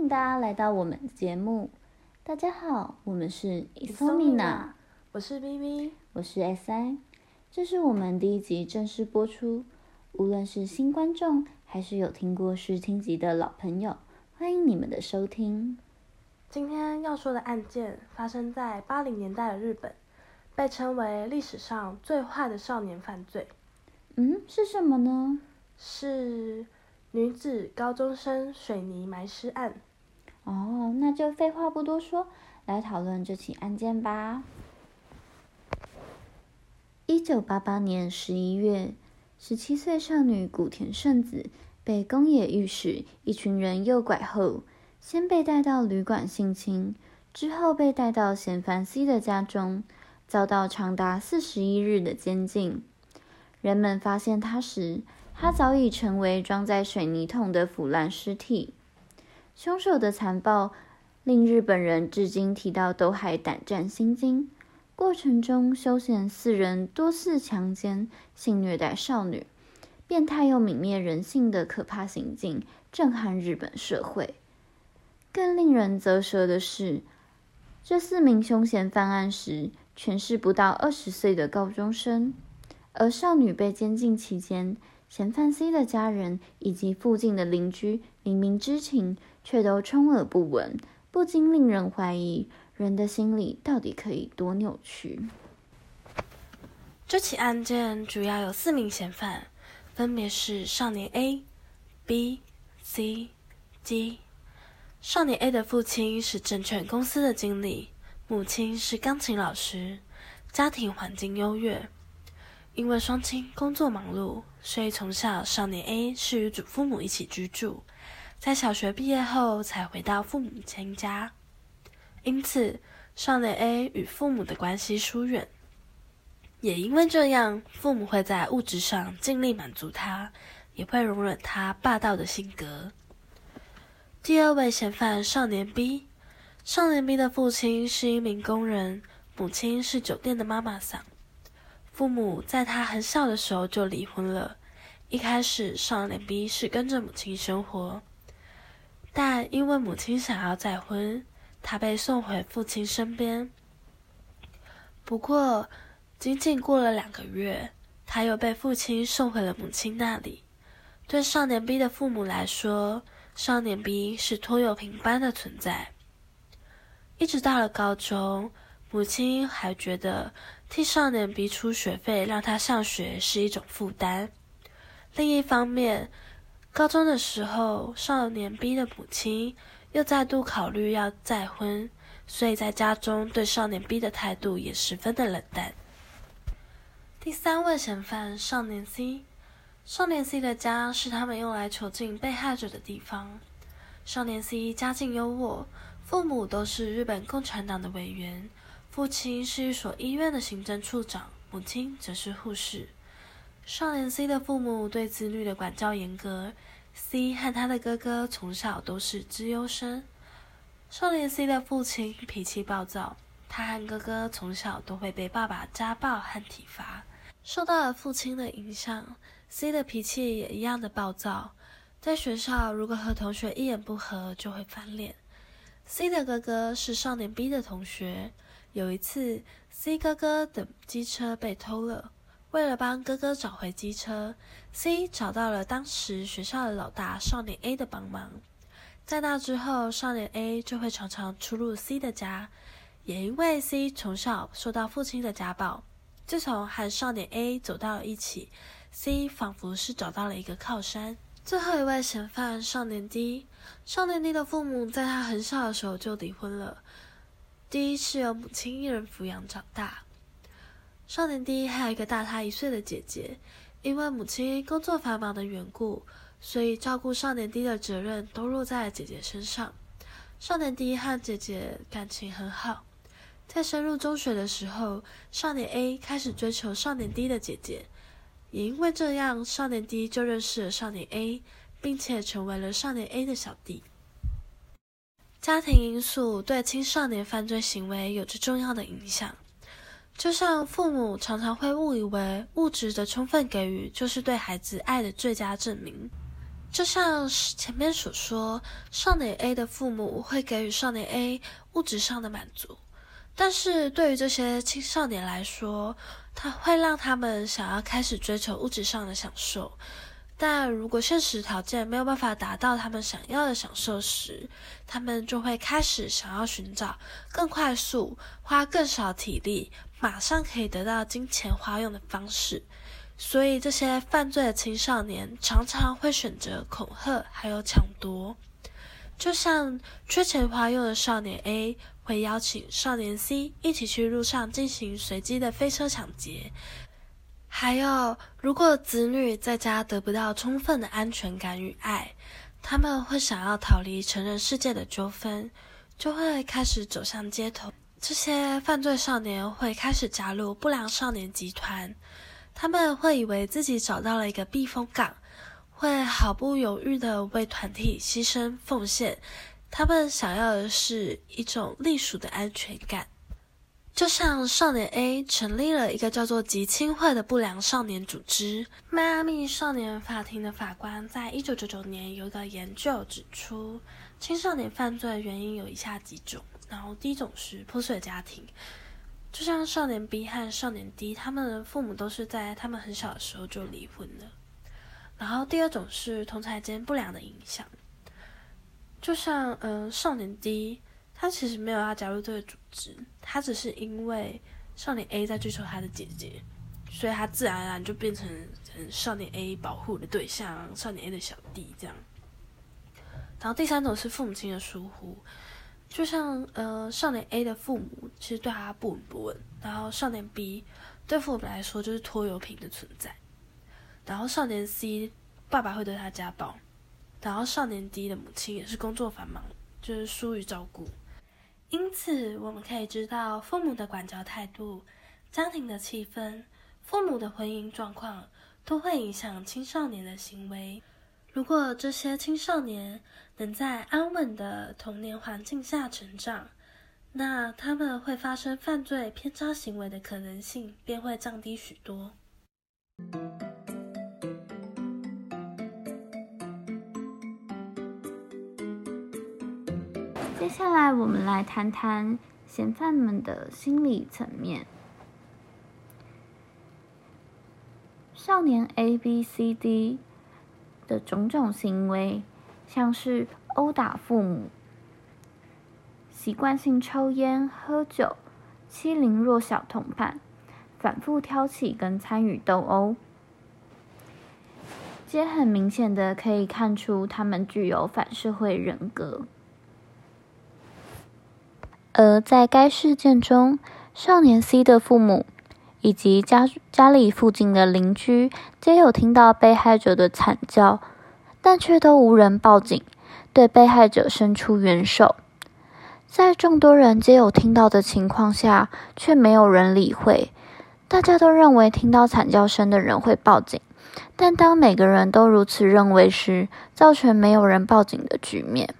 歡迎大家來到我們的節目，大家好，我們是 insomina，我是 VV，我是 SI，這是我們第一集正式播出。無論是新觀眾還是有聽過試聽集的老朋友，歡迎你們的收聽。今天要說的案件發生在八零年代的日本，被稱為歷史上最壞的少年犯罪。嗯，是什麼呢？是女子高中生水泥埋屍案。哦，那就廢話不多說，來討論這起案件吧。一九八八年十一月，十七歲少女古田順子被宮野裕史一群人誘拐後，先被帶到旅館性侵，之後被帶到嫌犯 c 的家中，遭到長達四十一日的監禁。人們發現她時，她早已成為裝在水泥桶的腐爛屍體。兇手的殘暴令日本人至今提到都還膽戰心驚。過程中，兇嫌四人多次強姦、性虐待少女，變態又泯滅人性的可怕行徑震撼日本社會。更令人咋舌的是，這四名兇嫌犯案時全是不到二十歲的高中生，而少女被監禁期間，嫌犯 C 的家人以及附近的鄰居明明知情，卻都充耳不聞，不禁令人懷疑人的心理到底可以多扭曲？這起案件主要有四名嫌犯，分別是少年 A、B、C、D。少年 A 的父親是證券公司的經理，母親是鋼琴老師，家庭環境優越。因為雙親工作忙碌，所以從小少年 A 是與祖父母一起居住，在小學畢業後才回到父母親家。因此，少年 A 與父母的關係疏遠，也因為這樣，父母會在物質上盡力滿足他，也會容忍他霸道的性格。第二位嫌犯少年 B，少年 B 的父親是一名工人，母親是酒店的媽媽桑。父母在他很小的時候就離婚了，一開始少年 B 是跟着母親生活，但因為母親想要再婚，他被送回父親身邊。不過僅僅過了兩個月，他又被父親送回了母親那裡。對少年 B 的父母來說，少年 B 是拖油瓶般的存在。一直到了高中。母親還覺得替少年 B 出學費讓他上學是一種負擔。另一方面，高中的時候，少年 B 的母親又再度考慮要再婚，所以在家中對少年 B 的態度也十分的冷淡。第三位嫌犯少年 C，少年 C 的家是他們用來囚禁被害者的地方。少年 C 家境優渥，父母都是日本共產黨的委員。父親是一所醫院的行政處長，母親則是護士。少年 C 的父母對子女的管教嚴格，C 和他的哥哥從小都是資優生。少年 C 的父親脾氣暴躁，他和哥哥從小都會被爸爸家暴和體罰。受到了父親的影響，C 的脾氣也一樣的暴躁。在學校，如果和同學一言不合就會翻臉。C 的哥哥是少年 B 的同學。有一次，C 哥哥的機車被偷了。為了幫哥哥找回機車，C 找到了當時學校的老大少年 A 的幫忙。在那之後，少年 A 就會常常出入 C 的家。也因為 C 從小受到父親的家暴，自從和少年 A 走到了一起，C 仿佛是找到了一個靠山。最後一位嫌犯少年 D，少年 D 的父母在他很小的時候就離婚了。D 是由母親一人撫養長大，少年 D 還有一個大他一歲的姐姐，因為母親工作繁忙的緣故，所以照顧少年 D 的責任都落在了姐姐身上。少年 D 和姐姐感情很好，在升入中學的時候，少年 A 開始追求少年 D 的姐姐，也因為這樣，少年 D 就認識了少年 A，並且成為了少年 A 的小弟。家庭因素對青少年犯罪行為有着重要的影響，就像父母常常會誤以為物質的充分給予就是對孩子愛的最佳證明。就像前面所說，少年 A 的父母會給予少年 A 物質上的滿足，但是對於這些青少年來說，他會讓他們想要開始追求物質上的享受。但如果現實條件沒有辦法達到他們想要的享受時，他們就會開始想要尋找更快速、花更少體力、馬上可以得到金錢花用的方式。所以，這些犯罪的青少年常常會選擇恐嚇還有搶奪。就像缺錢花用的少年 A 會邀請少年 C 一起去路上進行隨機的飛車搶劫。還有，如果子女在家得不到充分的安全感與愛，他們會想要逃離成人世界的糾紛，就會開始走向街頭。這些犯罪少年會開始加入不良少年集團，他們會以為自己找到了一個避風港，會毫不猶豫地為團體犧牲奉獻，他們想要的是一種隸屬的安全感。就像少年 A 成立了一個叫做“集青會”的不良少年組織。邁阿密少年法庭的法官在1999年有一個研究指出，青少年犯罪的原因有以下幾種。然後第一種是破碎家庭，就像少年 B 和少年 D，他們的父母都是在他們很小的時候就離婚了。然後第二種是同儕間不良的影響，就像嗯、呃、少年 D。他其實沒有要加入這個組織，他只是因為少年 A 在追求他的姐姐，所以他自然而然就變成，成少年 A 保護的對象，少年 A 的小弟這樣。然後第三種是父母親的疏忽，就像呃少年 A 的父母其實對他不聞不問，然後少年 B 對父母來說就是拖油瓶的存在，然後少年 C 爸爸會對他家暴，然後少年 D 的母親也是工作繁忙，就是疏於照顧。因此，我們可以知道，父母的管教態度、家庭的氣氛、父母的婚姻狀況都會影響青少年的行為。如果這些青少年能在安穩的童年環境下成長，那他們會發生犯罪偏差行為的可能性便會降低許多。接下來，我們來談談嫌犯們的心理層面。少年 A、B、C、D 的種種行為，像是毆打父母、習慣性抽菸喝酒、欺凌弱小同伴、反覆挑起跟參與鬥毆，皆很明顯的可以看出他們具有反社會人格。而在該事件中，少年 C 的父母以及家家裡附近的鄰居皆有聽到被害者的慘叫，但卻都無人報警，對被害者伸出援手。在眾多人皆有聽到的情況下，卻沒有人理會。大家都認為聽到慘叫聲的人會報警，但當每個人都如此認為時，造成沒有人報警的局面。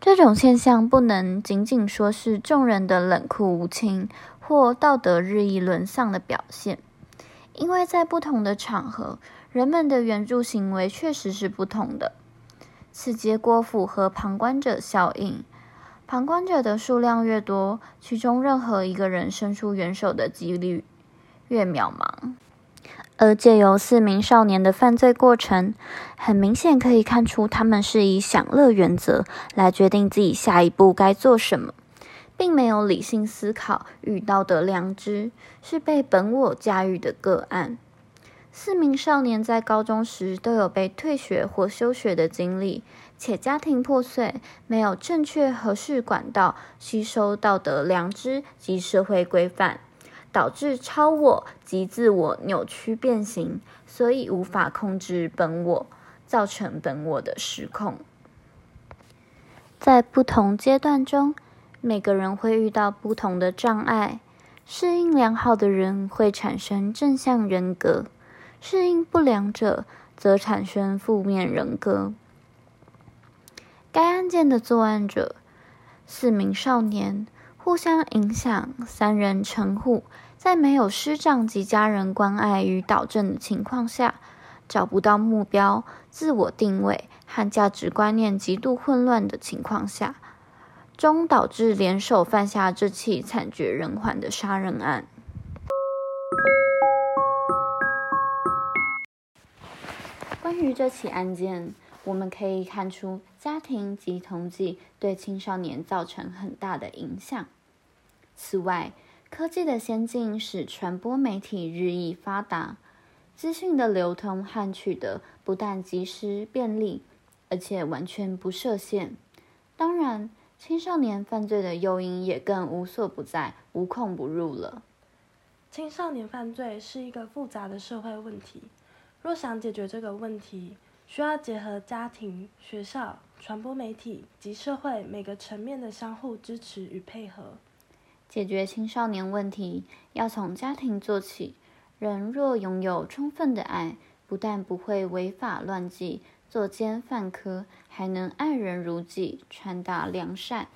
這種現象不能僅僅說是眾人的冷酷無情或道德日益淪喪的表現，因為在不同的場合，人們的援助行為確實是不同的。此結果符合旁觀者效應：旁觀者的數量越多，其中任何一個人伸出援手的幾率越渺茫。而借由四名少年的犯罪過程，很明顯可以看出，他們是以享樂原則來決定自己下一步該做什麼，並沒有理性思考與道德良知，是被本我駕馭的個案。四名少年在高中時都有被退學或休學的經歷，且家庭破碎，沒有正確合適管道吸收道德良知及社會規範。導致超我及自我扭曲變形，所以無法控制本我，造成本我的失控。在不同階段中，每個人會遇到不同的障礙。適應良好的人會產生正向人格，適應不良者則產生負面人格。該案件的作案者四名少年。互相影響，三人成虎。在沒有師長及家人關愛與導正的情況下，找不到目標、自我定位和價值觀念極度混亂的情況下，終導致聯手犯下這起慘絕人寰的殺人案。關於這起案件，我們可以看出家庭及同儕對青少年造成很大的影響。此外，科技的先進使傳播媒體日益發達，資訊的流通和取得不但及時便利，而且完全不設限。當然，青少年犯罪的誘因也更無所不在、無孔不入了。青少年犯罪是一個複雜的社會問題，若想解決這個問題，需要結合家庭、學校、傳播媒體及社會每個層面的相互支持與配合。解決青少年問題要從家庭做起。人若擁有充分的愛，不但不會違法亂紀、作奸犯科，還能愛人如己，傳達良善。